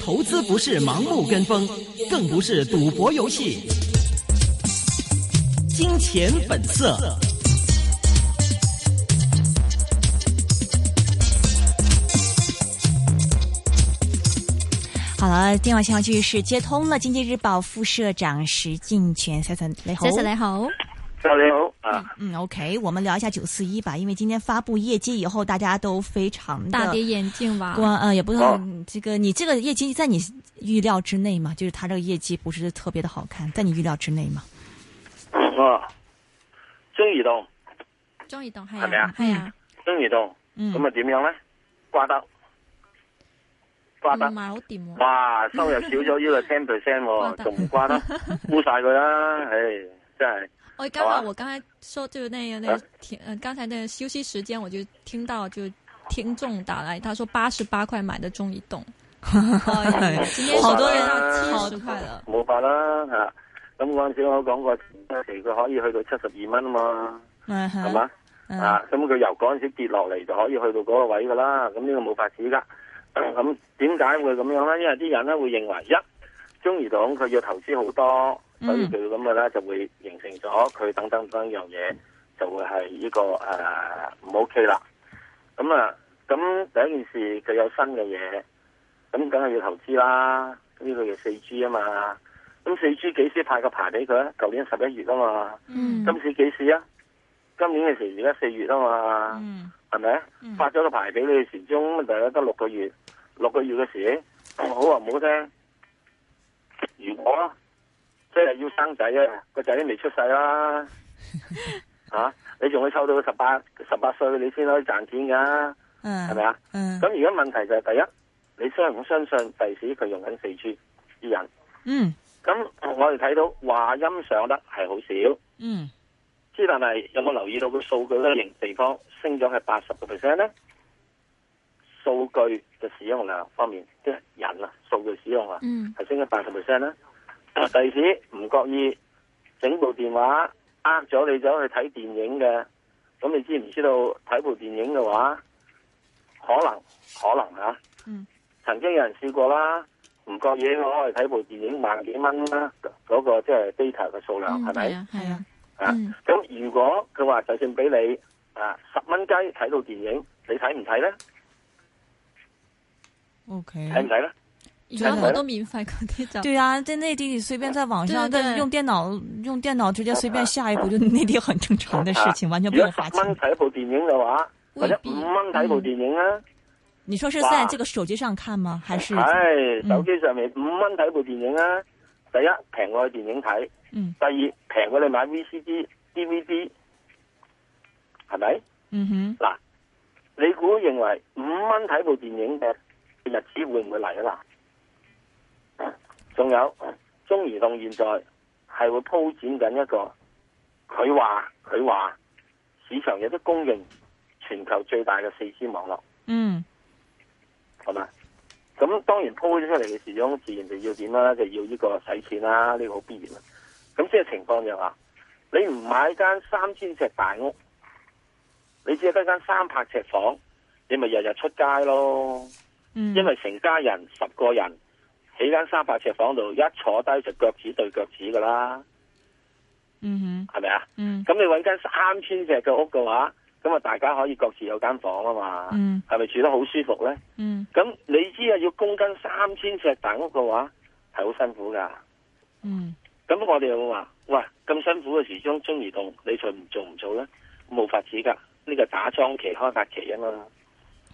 投資不是盲目跟風，更不是賭博遊戲。金錢粉色。粉色好了，電話信號繼續是接通了。經濟日報副社長石鏡泉先生，你好。先生，你好。你好、嗯啊，嗯，OK，我們聊一下九四一吧，因為今天發布業績以後，大家都非常的大跌眼鏡吧？呃、嗯，也不算、哦、這個，你這個業績在你預料之內嘛，就是他這個業績不是特別的好看，在你預料之內嘛、哦、是是啊，中移動，中移動係，係啊，中移動，嗯，咁啊，點樣咧？掛得，掛得，唔係好掂哇，收入少咗，要係 ten per cent 仲唔掛得？沽晒佢啦，唉， 真係。喂、哦，剛好我剛才說就那個，啊、那聽、個，嗯，剛才那個休息時間我就聽到就聽眾打來，他說八十八塊買的中移動，係、哦， 今天好多人啊，都七十塊啦。冇法啦，吓，咁嗰陣時我講過，前一期佢可以去到七十二蚊嘛，係嘛，啊，咁、uh、佢 -huh. 啊、由嗰陣時跌落嚟就可以去到嗰個位噶啦，咁、啊、呢個冇法子噶。咁點解會咁樣咧？因為啲人咧會認為一中移動佢要投資好多。嗯、所以佢咁嘅咧，就會形成咗佢等等等樣嘢，就會係呢、呢個誒唔 OK 啦。咁、呃、啊，咁第一件事佢有新嘅嘢，咁梗係要投資啦。呢個嘅四 G 啊嘛，咁四 G 幾時派個牌俾佢？舊年十一月啊嘛、嗯，今次幾時啊？今年嘅時而家四月啊嘛，係咪發發咗個牌俾你始終，大家得六個月，六個月嘅時，好話唔好聽，如果。即係要生仔啊！個仔都未出世啦，吓你仲要湊到十八十八歲，你先可以賺錢噶係咪啊？咁而家問題就係第一，你相唔相信第時佢用緊四 G 啲人？嗯，咁我哋睇到話音上得係好少，嗯，之但係有冇留意到個數據嘅型地方升咗係八十個 percent 咧？數據嘅使用量方面，即係人啊，數據使用量啊，嗯，係升咗八十 percent 咧。啊、第時唔覺意整部電話呃咗你走去睇電影嘅，咁你知唔知道睇部電影嘅話，可能可能吓、啊？嗯。曾經有人試過啦，唔覺意攞去睇部電影萬幾蚊啦，嗰、嗰個即係 data 嘅數量係咪係係啊、嗯。啊，咁如果佢話就算俾你啊十蚊雞睇到電影，你睇唔睇咧？O K。睇唔睇咧？有好多免費的，對呀，在內地你隨便在網上用電腦用電腦直接隨便下一部，就內地很正常的事情，完全不用花錢。五蚊睇一部電影嘅話，或者五蚊睇部電影啊、嗯？你說是在這個手機上看嗎？還是？哎，手機上面五蚊睇部電影啊！第一，平過去電影睇；嗯，第二，平過你買 VCD、DVD，係咪？嗯哼，嗱，你估認為五蚊睇部電影嘅日子會唔會嚟啊？嗱。仲有，中移動現在係會鋪展緊一個，佢話佢話市場亦都供應全球最大嘅四 G 網絡，嗯，係咪？咁當然鋪咗出嚟嘅時候，中自然就要點啦，就要呢個使錢啦、啊，呢、這個好必然啦、啊。咁即係情況就話、是，你唔買間三千尺大屋，你只係得間三百尺房，你咪日日出街咯，嗯、因為成家人十個人。起間三百尺房度，一坐低就腳趾對腳趾噶啦。嗯哼，係咪啊？嗯，咁你搵間三千尺嘅屋嘅話，咁啊大家可以各自有間房啊嘛。嗯，係咪住得好舒服咧？嗯，咁你知啊，要供間三千尺大屋嘅話，係好辛苦噶。嗯，咁我哋有冇話？喂，咁辛苦嘅時，中移動你仲唔做唔做咧？冇法子噶，呢個打樁期、開發期啊嘛。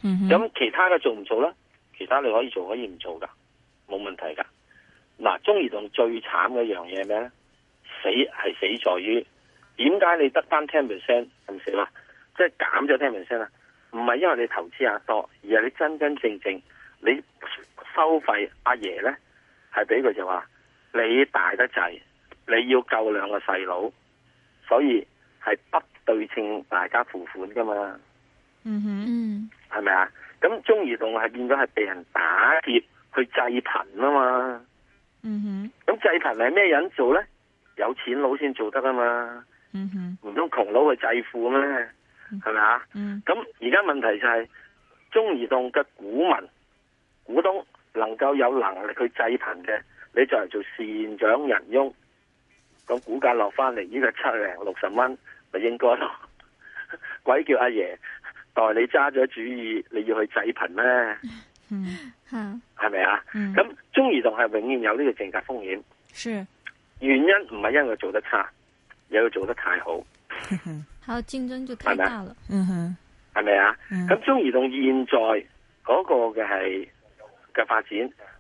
咁、mm -hmm. 其他嘅做唔做咧？其他你可以做，可以唔做噶。冇問題噶，嗱，中移動最慘嘅一樣嘢咩咧？死係死在於，點解你得返 ten percent 係唔死啦？即係減咗 ten percent 啦，唔係因為你投資額多，而係你真真正正你收費阿爺咧，係俾佢就話你大得滯，你要救兩個細佬，所以係不對稱大家付款噶嘛。嗯哼，嗯哼，係咪啊？咁中移動係變咗係被人打劫。去濟貧啊嘛，嗯哼，咁濟貧係咩人做咧？有錢佬先做得啊嘛，嗯哼，唔通窮佬去濟富咩？係咪啊？咁而家問題就係、是、中移動嘅股民股東能夠有能力去濟貧嘅，你就係做善長人翁，咁股價落翻嚟呢個七零六十蚊咪應該咯？鬼叫阿爺代你揸咗主意，你要去濟貧咩？嗯，係咪啊？咁、嗯、中移動係永遠有呢個政策風險，是原因唔係因為做得差，也要做得太好，好競爭就太大了，嗯哼，係咪啊？咁、嗯嗯、中移動現在嗰個嘅係嘅發展，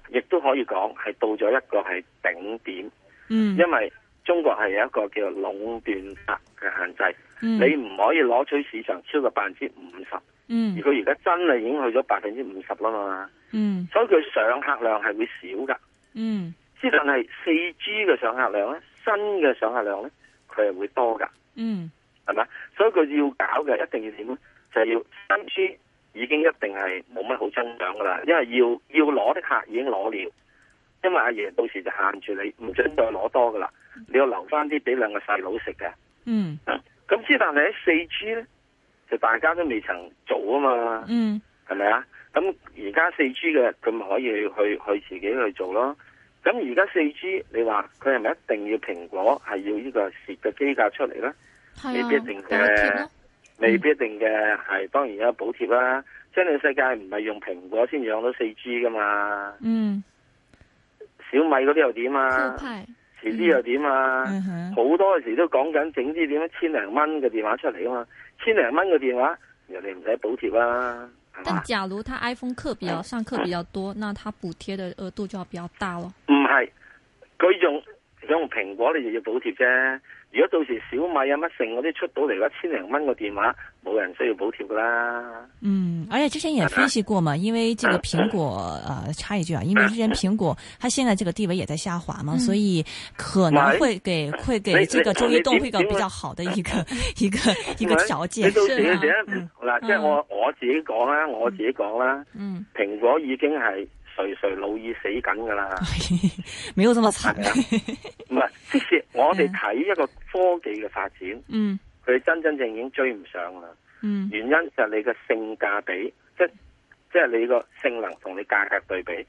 亦都可以講係到咗一個係頂點，嗯，因為中國係有一個叫做壟斷法嘅限制，嗯、你唔可以攞取市場超過百分之五十。嗯、而佢而家真係已經去咗百分之五十啦嘛、嗯，所以佢上客量係會少噶，之、嗯、但係四 G 嘅上客量咧，新嘅上客量咧，佢係會多噶，係、嗯、咪？所以佢要搞嘅一定要點咧，就是、要三 G 已經一定係冇乜好增長噶啦，因為要要攞啲客已經攞了，因為阿爺到時就限住你，唔准再攞多噶啦，你要留翻啲俾兩個細佬食嘅，咁、嗯、之、啊、但係喺四 G 咧。就大家都未曾做啊嘛，係咪啊？咁而家四 G 嘅，佢咪可以去去自己去做咯。咁而家四 G，你話佢係咪一定要蘋果係要這個的機呢個蝕嘅機架出嚟咧？未必一定嘅，未必一定嘅係、嗯、當然有補貼啦。即係、啊、世界唔係用蘋果先養到四 G 噶嘛。嗯，小米嗰啲又點啊？遲啲又點啊？好、嗯嗯、多時都講緊整啲點樣千零蚊嘅電話出嚟啊嘛，千零蚊嘅電話，人哋唔使補貼啦。但假如他 iPhone 客比較上客比較多，嗯、那他補貼的額度就要比較大咯。唔係，佢用想用蘋果，你就要補貼啫。如果到時小米啊乜剩嗰啲出到嚟一千零蚊個電話，冇人需要補貼噶啦。嗯，而且之前也分析過嘛，因為這個蘋果，誒、啊，插、呃啊啊、一句啊，因為之前蘋果，它現在這個地位也在下滑嘛，嗯、所以可能會給，嗯、會給這個中國移動一個比較好的一個一個一個條、嗯、件。你到時嘅嗱、嗯嗯，即係我我自己講啦，我自己講啦。嗯，蘋果已經係。垂垂老已死緊噶啦， 沒有這麼慘，唔 係，即係我哋睇一個科技嘅發展，嗯，佢真真正正已經追唔上啦，嗯、mm.，原因就係你嘅性價比，即即係你個性能同你價格對比，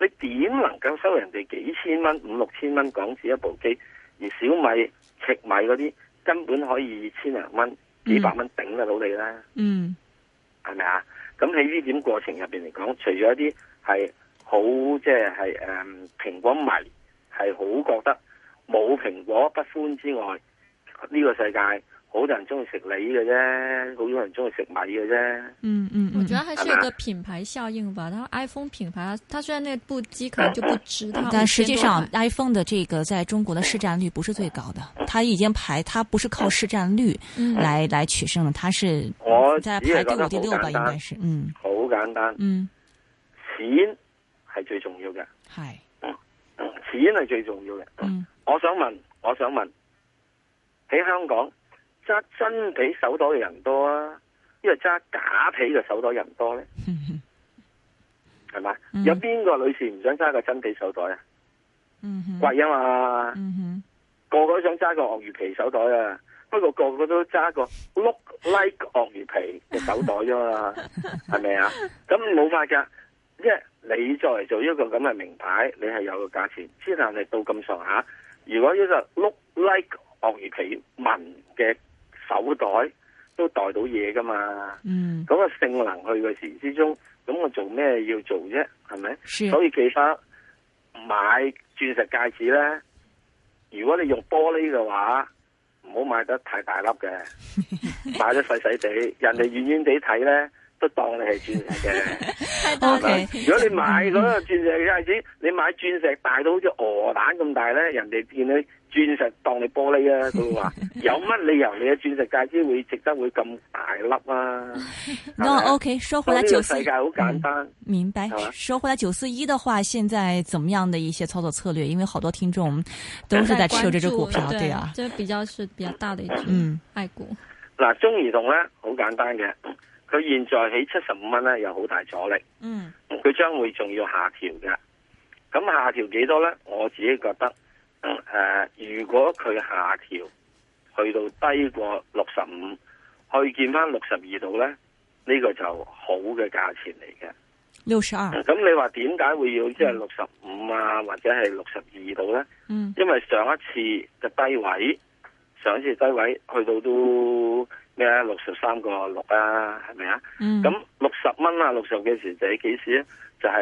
你點能夠收人哋幾千蚊、五六千蚊港紙一部機，而小米、赤米嗰啲根本可以二千零蚊、幾百蚊頂得到你咧，嗯、mm.，係咪啊？咁喺呢點過程入邊嚟講，除咗一啲係。好即係誒，蘋、嗯、果迷係好覺得冇蘋果不歡之外，呢、這個世界好多人中意食梨嘅啫，好多人中意食米嘅啫。嗯嗯，嗯，我覺得還是一個品牌效應吧。吧 iPhone 品牌，它雖然那部機可能就不知道、嗯，但實際上、嗯、iPhone 的這個在中國的市佔率不是最高的、嗯，它已經排，它不是靠市佔率來、嗯、來取勝，它是我排第五、第六吧，應該是，好簡單，嗯，好簡單，嗯，錢。係最重要嘅，係、嗯，嗯，錢係最重要嘅、嗯，我想問，我想問，喺香港揸真皮手袋嘅人多啊，因為揸假皮嘅手袋人多咧，係 咪、嗯？有邊個女士唔想揸個真皮手袋、嗯、啊？嗯，貴啊嘛，個個都想揸個鱷魚皮手袋啊，不過個個都揸個 look like 鱷魚皮嘅手袋啫嘛，係咪啊？咁 冇法噶，即係。你嚟做一個咁嘅名牌，你係有個價錢，之但係到咁上下，如果呢個 look like 鱷魚皮紋嘅手袋都袋到嘢噶嘛？嗯，個、嗰個性能去嘅時之中，咁我做咩要做啫？係咪？所以記得買鑽石戒指咧，如果你用玻璃嘅話，唔好買得太大粒嘅，買得細細地，人哋遠遠地睇咧，都當你係鑽石嘅。 係咪？如果你買嗰個鑽石戒指，你買鑽石大到好似鵝蛋咁大咧，人哋見你鑽石當你玻璃啊，佢會話有乜理由你嘅鑽石戒指會值得會咁大粒啊？嗱、 no，OK，說回來九四，世界好簡單，嗯，明白。係嘛？說回來九四一嘅話，現在怎麼樣的一些操作策略？因為好多聽眾都是在持有這隻股票， 對，對啊，就是、比較是比較大的一隻，嗯，愛、嗯、股。嗱，中移動咧，好簡單嘅。佢現在起七十五蚊咧，有好大阻力。嗯，佢將會仲要下調嘅。咁下調幾多咧？我自己覺得，誒、嗯呃，如果佢下調去到低過六十五，去見返六十二度咧，呢個就好嘅價錢嚟嘅。六十二。咁你話點解會要即係六十五啊，或者係六十二度咧？嗯，因為上一次嘅低位，上一次低位去到都。咩啊？六十三個六啊，係咪啊？咁六十蚊啊，六十幾時候就係幾時、就是、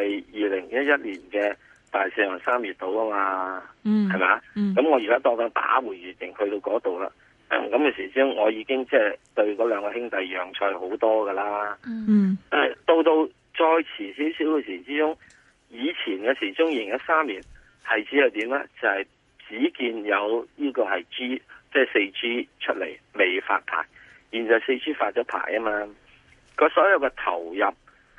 2011年的大四三月啊？就係二零一一年嘅大四三月度啊嘛，係、嗯、嘛？咁我而家當緊打回原形去到嗰度啦。咁、嗯、嘅時中，我已經即係對嗰兩個兄弟讓賽好多噶啦。誒、嗯，到到再遲少少嘅時之中，以前嘅時中二零一三年，係指係點咧？就係、是、只見有呢個係 G，即係四 G 出嚟未發牌。現在四 G 發咗牌啊嘛，個所有嘅投入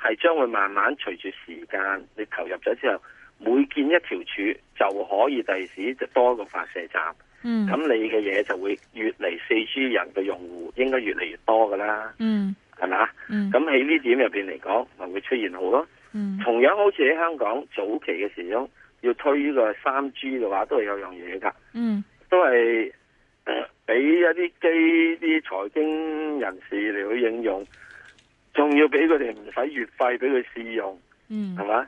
係將會慢慢隨住時間，你投入咗之後，每建一條柱就可以第時就多一個發射站。嗯，咁你嘅嘢就會越嚟四 G 人嘅用戶應該越嚟越多噶啦。嗯，係咪啊？嗯，咁喺呢點入邊嚟講，咪唔會出現好咯？嗯，同樣好似喺香港早期嘅時候，要推呢個三 G 嘅話，都係有樣嘢噶。嗯，都係。俾一啲機啲財經人士嚟去應用，仲要俾佢哋唔使月費俾佢試用，係、嗯、嘛？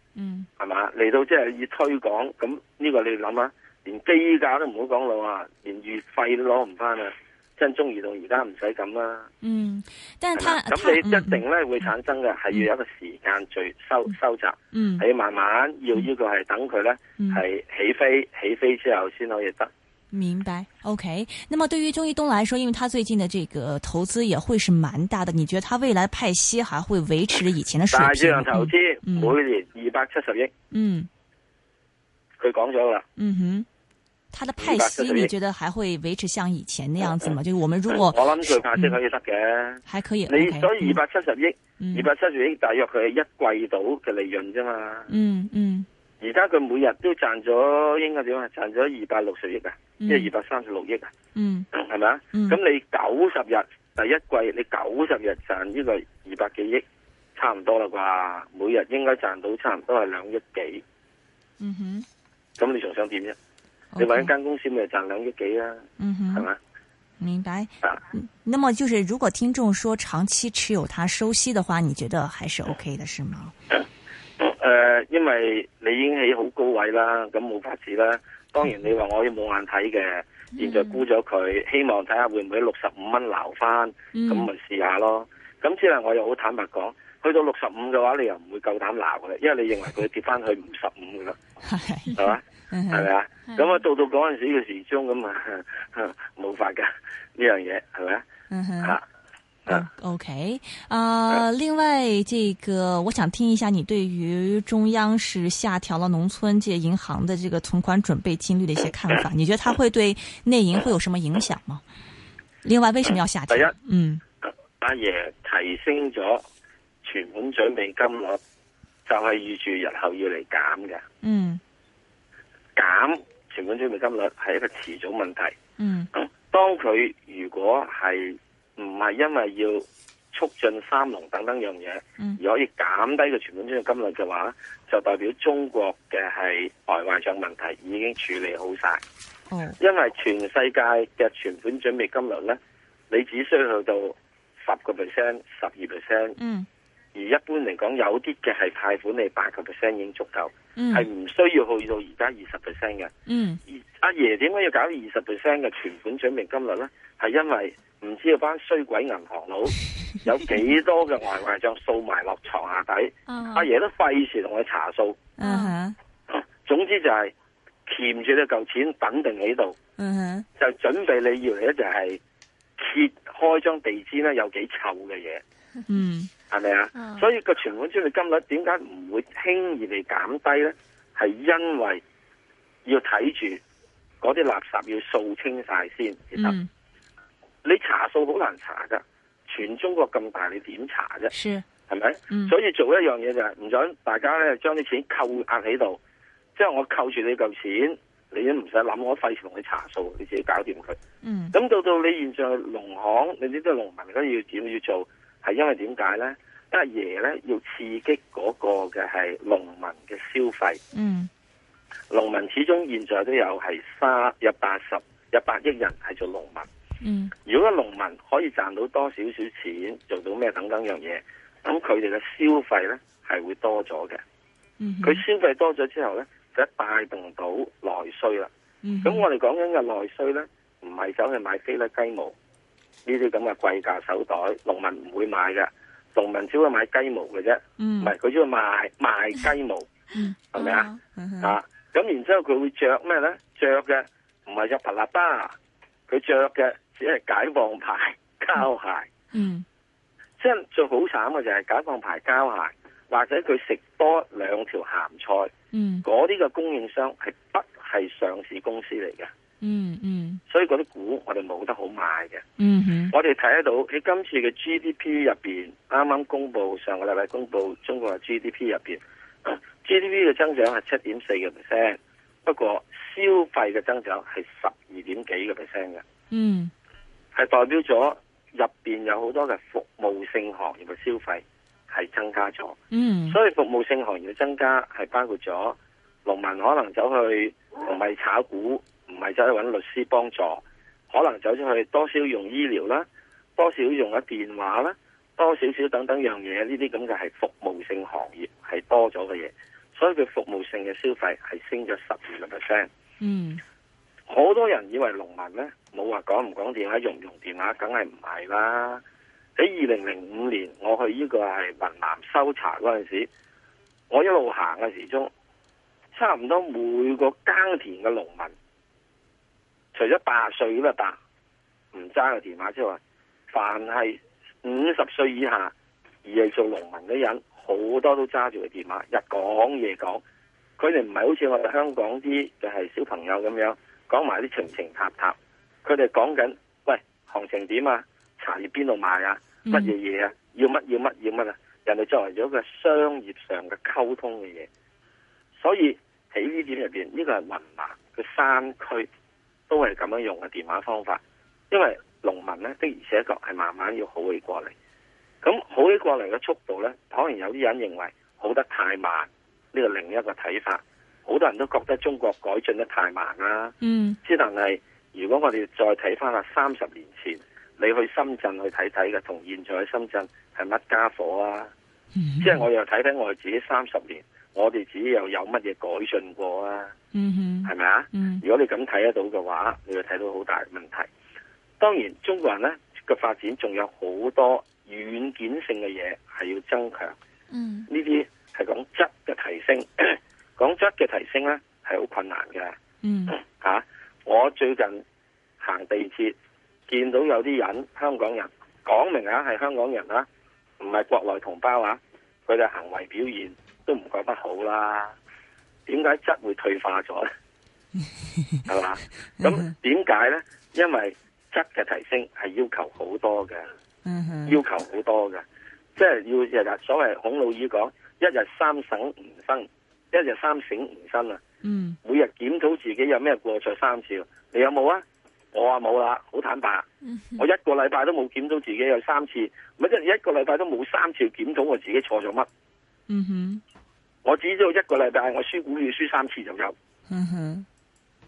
係嘛？嚟、嗯、到即係要推廣，咁呢個你諗下？連機價都唔好講啊，連月費都攞唔翻啊。真中移動而家唔使咁啦。嗯，但係他咁你一定咧會產生嘅係、嗯、要有一個時間去收收集，嗯、係、嗯、要慢慢要、這個嗯、呢個係等佢咧係起飛起飛之後先可以得。明白，OK。那麼對於中移動來說，因為他最近的這個投資也會是蠻大的。你覺得他未來派息還會維持以前的水平？大數量投資，嗯、每年二百七十億。嗯。佢講咗啦。嗯哼。他的派息你覺得還會維持像以前那樣子嗎？嗯、就是我們如果我諗佢派息可以得嘅，還可以。你 okay，所以二百七十億，二百七十億大約佢係一季度嘅利潤啫嘛。嗯嗯。而家佢每日都賺咗應該點啊？賺咗二百六十億啊，即係二百三十六億啊，嗯係咪啊？咁、嗯嗯、你九十日第一季你九十日賺呢個二百幾億，差唔多啦啩？每日應該賺到差唔多係兩億幾。嗯哼，咁你仲想點啫？Okay. 你搵一間公司咪賺兩億幾啊？嗯哼，係咪？明白。啊，那麼就是如果聽眾說長期持有它收息的話，你覺得還是 O、okay、K 的、嗯，是嗎？嗯誒、呃，因為你已經喺好高位啦，咁冇法子啦。當然你話我要冇眼睇嘅、嗯，現在沽咗佢，希望睇下會唔會六十五蚊撈翻，咁咪試下咯。咁之後我又好坦白講，去到六十五嘅話，你又唔會夠膽撈嘅，因為你認為佢跌翻去五十五噶啦，係 嘛是吧？係咪啊？咁 啊，到到嗰陣時嘅時鐘咁啊，冇 法噶呢樣嘢，係咪啊？吓。 OK，啊，另外，這個我想聽一下你對於中央是下調了農村借銀行的這個存款準備金率的一些看法、嗯嗯，你覺得它會對內銀會有什麼影響嗎？另、嗯、外，為什麼要下調？第一，嗯、啊，阿爺提升咗存款準備金率，就係預住日後要嚟減嘅。嗯，減存款準備金率係一個遲早問題。嗯，嗯當佢如果係。唔係因為要促進三農等等樣嘢、嗯，而可以減低個存款準備金率嘅話，就代表中國嘅係外壞賬問題已經處理好晒。嗯，因為全世界嘅存款準備金率咧，你只需要去到十個 percent、十二 percent。嗯，而一般嚟講，有啲嘅係貸款你八個 percent 已經足夠，係唔需要去到而家二十 percent 嘅。嗯，而阿爺點解要搞二十 percent 嘅存款準備金率咧？係因為。唔知有班衰鬼銀行佬有幾多嘅壞壞賬掃埋落床下底， 阿爺都費事同佢查數。Uh -huh. 總之就係鉗住呢嚿錢，等定喺度，uh -huh. 就準備你要嚟咧就係揭開張地氈咧有幾臭嘅嘢，係咪啊？Uh -huh. 所以個存款準備金率點解唔會輕易地減低呢？係因為要睇住嗰啲垃圾要掃清晒先。Uh -huh. 你查數好難查噶，全中國咁大你點查啫？係咪、嗯？所以做一樣嘢就係唔想大家咧將啲錢扣押喺度，即、就、係、是、我扣住你嚿錢，你都唔使諗我費事同你查數，你自己搞掂佢。咁、嗯、到到你現在農行，你知即係農民嗰要點要做，係因為點解咧？阿爺咧要刺激嗰個嘅係農民嘅消費。農、嗯、民始終現在都有係三，有八十、八億人係做農民。嗯，如果農民可以賺到多少少錢，做到咩等等樣嘢，咁佢哋嘅消費咧係會多咗嘅。嗯，佢消費多咗之後咧，就帶動到內需啦。咁、嗯、我哋講緊嘅內需咧，唔係走去買菲拉雞毛呢啲咁嘅貴價手袋，農民唔會買嘅。農民只會買雞毛嘅啫。嗯，唔係佢只會賣賣雞毛。嗯，係咪啊？咁、嗯啊、然之後佢會着咩咧？着嘅唔係着皮納巴，佢着嘅。只係解放牌膠鞋，嗯，即係最好慘嘅就係解放牌膠鞋，或者佢食多兩條咸菜，嗯，嗰啲嘅供應商係不係上市公司嚟嘅？嗯嗯，所以嗰啲股我哋冇得好買嘅、嗯，嗯，我哋睇得到喺今次嘅 GDP 入邊，啱啱公布上個禮拜公布中國嘅 GDP 入邊、啊、，GDP 嘅增長係七點四個 percent，不過消費嘅增長係十二點幾個 percent 嘅，嗯。係代表咗入邊有好多嘅服務性行業嘅消費係增加咗，嗯，所以服務性行業嘅增加係包括咗農民可能走去唔係炒股，唔係走去揾律師幫助，可能走出去多少用醫療啦，多少用咗電話啦，多少少等等樣嘢，呢啲咁嘅係服務性行業係多咗嘅嘢，所以佢服務性嘅消費係升咗十二個 percent，嗯。好多人以為農民呢，冇話講唔講電話，用唔用電話，梗係唔係啦。喺二零零五年，我去呢個係雲南收茶嗰陣時，我一路行嘅時中，差唔多每個耕田嘅農民，除咗八十歲啦八唔揸個電話之外，凡係五十歲以下而係做農民嘅人，好多都揸住個電話，日講夜講。佢哋唔係好似我哋香港啲，就係小朋友咁樣。講埋啲情情塔塔，佢哋講緊喂行情點啊，茶葉邊度賣啊，乜嘢嘢啊，要乜要乜要乜啊，人哋作為咗個商業上嘅溝通嘅嘢，所以喺呢點入邊，呢個係雲南嘅山區都係咁樣用嘅電話方法，因為農民咧的而且確係慢慢要好起過嚟，咁好起過嚟嘅速度咧，可能有啲人認為好得太慢，呢個另一個睇法。好多人都覺得中國改進得太慢啦、啊，嗯、mm -hmm.，之但係如果我哋再睇返啦，三十年前你去深圳去睇睇嘅，同現在嘅深圳係乜家伙啊？Mm -hmm. 即係我又睇睇我哋自己三十年，我哋自己又有乜嘢改進過啊？嗯、mm、哼 -hmm.，係咪啊？如果你咁睇得到嘅話，你會睇到好大問題。當然，中國人呢嘅發展仲有好多軟件性嘅嘢係要增強，嗯，呢啲係講質嘅提升。 講質嘅提升咧係好困難嘅，吓、嗯啊，我最近行地鐵見到有啲人，香港人講明啊係香港人啦，唔係國內同胞啊，佢哋行為表現都唔覺得好啦。點解質會退化咗咧？係 嘛？咁點解咧？因為質嘅提升係要求好多嘅，嗯，要求好多嘅，即係要日日所謂孔老二講「一日三省吾身」。一日三省吾身啊！嗯、每日檢討自己有咩過錯三次，你有冇啊？我啊冇啦，好坦白， 我一個禮拜都冇檢討自己有三次，咪即係一個禮拜都冇三次檢討我自己錯咗乜？嗯哼，我只知道一個禮拜我輸股票輸三次就有，嗯哼，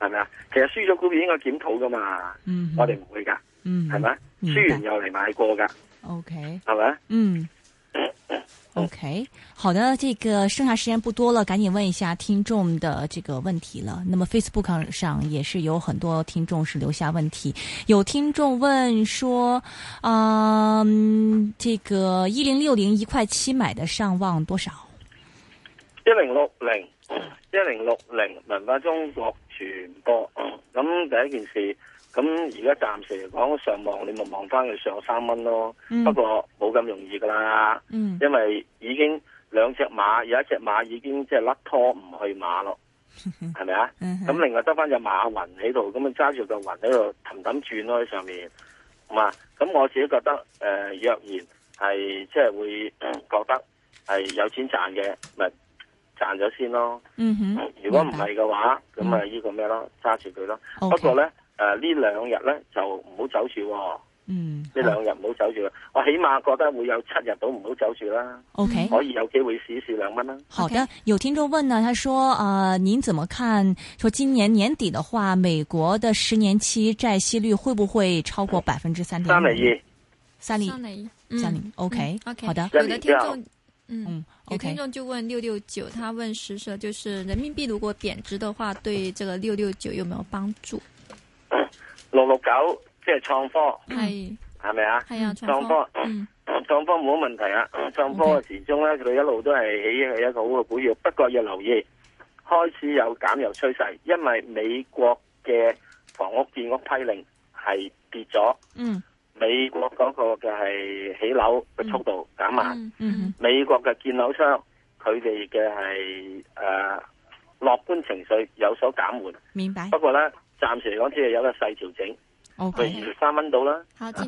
係咪啊？其實輸咗股票應該檢討噶嘛，嗯、我哋唔會噶，係、嗯、咪？輸、嗯、完又嚟買過噶，OK，係咪？嗯。OK，好的，這個剩下時間不多了，趕緊問一下聽眾的這個問題了。那麼 Facebook 上也是有很多聽眾是留下問題，有聽眾問說，嗯、呃，這個一零六零一塊七買的上望多少？一零六零，一零六零，文化中國傳播，咁、嗯、第一件事。咁而家暫時嚟講，上望你咪望翻佢上三蚊咯、嗯。不過冇咁容易噶啦、嗯，因為已經兩隻馬有一隻馬已經即係甩拖唔去馬咯，係咪啊？咁、嗯、另外得翻只隻馬雲喺度，咁啊揸住個雲喺度氹氹轉咯喺上面。咁我自己覺得，誒、呃，若然係即係會、呃、覺得係有錢賺嘅，咪賺咗先咯。嗯、哼如果唔係嘅話，咁啊呢個咩咯，揸住佢咯。Okay. 不過咧。呃呢兩日呢，就唔好走住、哦。嗯，呢兩日唔好走住、嗯。我起碼覺得會有七日都唔好走住啦。O、okay. K，可以有機會試試兩蚊啦。Okay. 好的，有聽眾問呢，他說：，呃您怎麼看？說今年年底的話，美國的十年期債息率會不會超過百分之三點三厘？三厘，三厘、嗯，三厘。O K，O K。Okay, okay. 好的，有的聽眾，嗯，okay. 有聽眾就問六六九，他問十十，就是人民幣如果貶值的話，對這個六六九有沒有幫助？六六九即係創科，係係咪啊？係啊，創科創、嗯、科冇乜問題啊！創科嘅時鐘咧，佢、嗯 okay、一路都係起嘅一個好嘅股票。不過要留意開始有減油趨勢，因為美國嘅房屋建屋批令係跌咗。嗯，美國嗰個嘅係起樓嘅速度減慢、嗯嗯嗯。美國嘅建樓商佢哋嘅係誒樂觀情緒有所減緩。明白。不過咧。暫時嚟講，只係有一個細調整哦，佢二十三蚊到啦。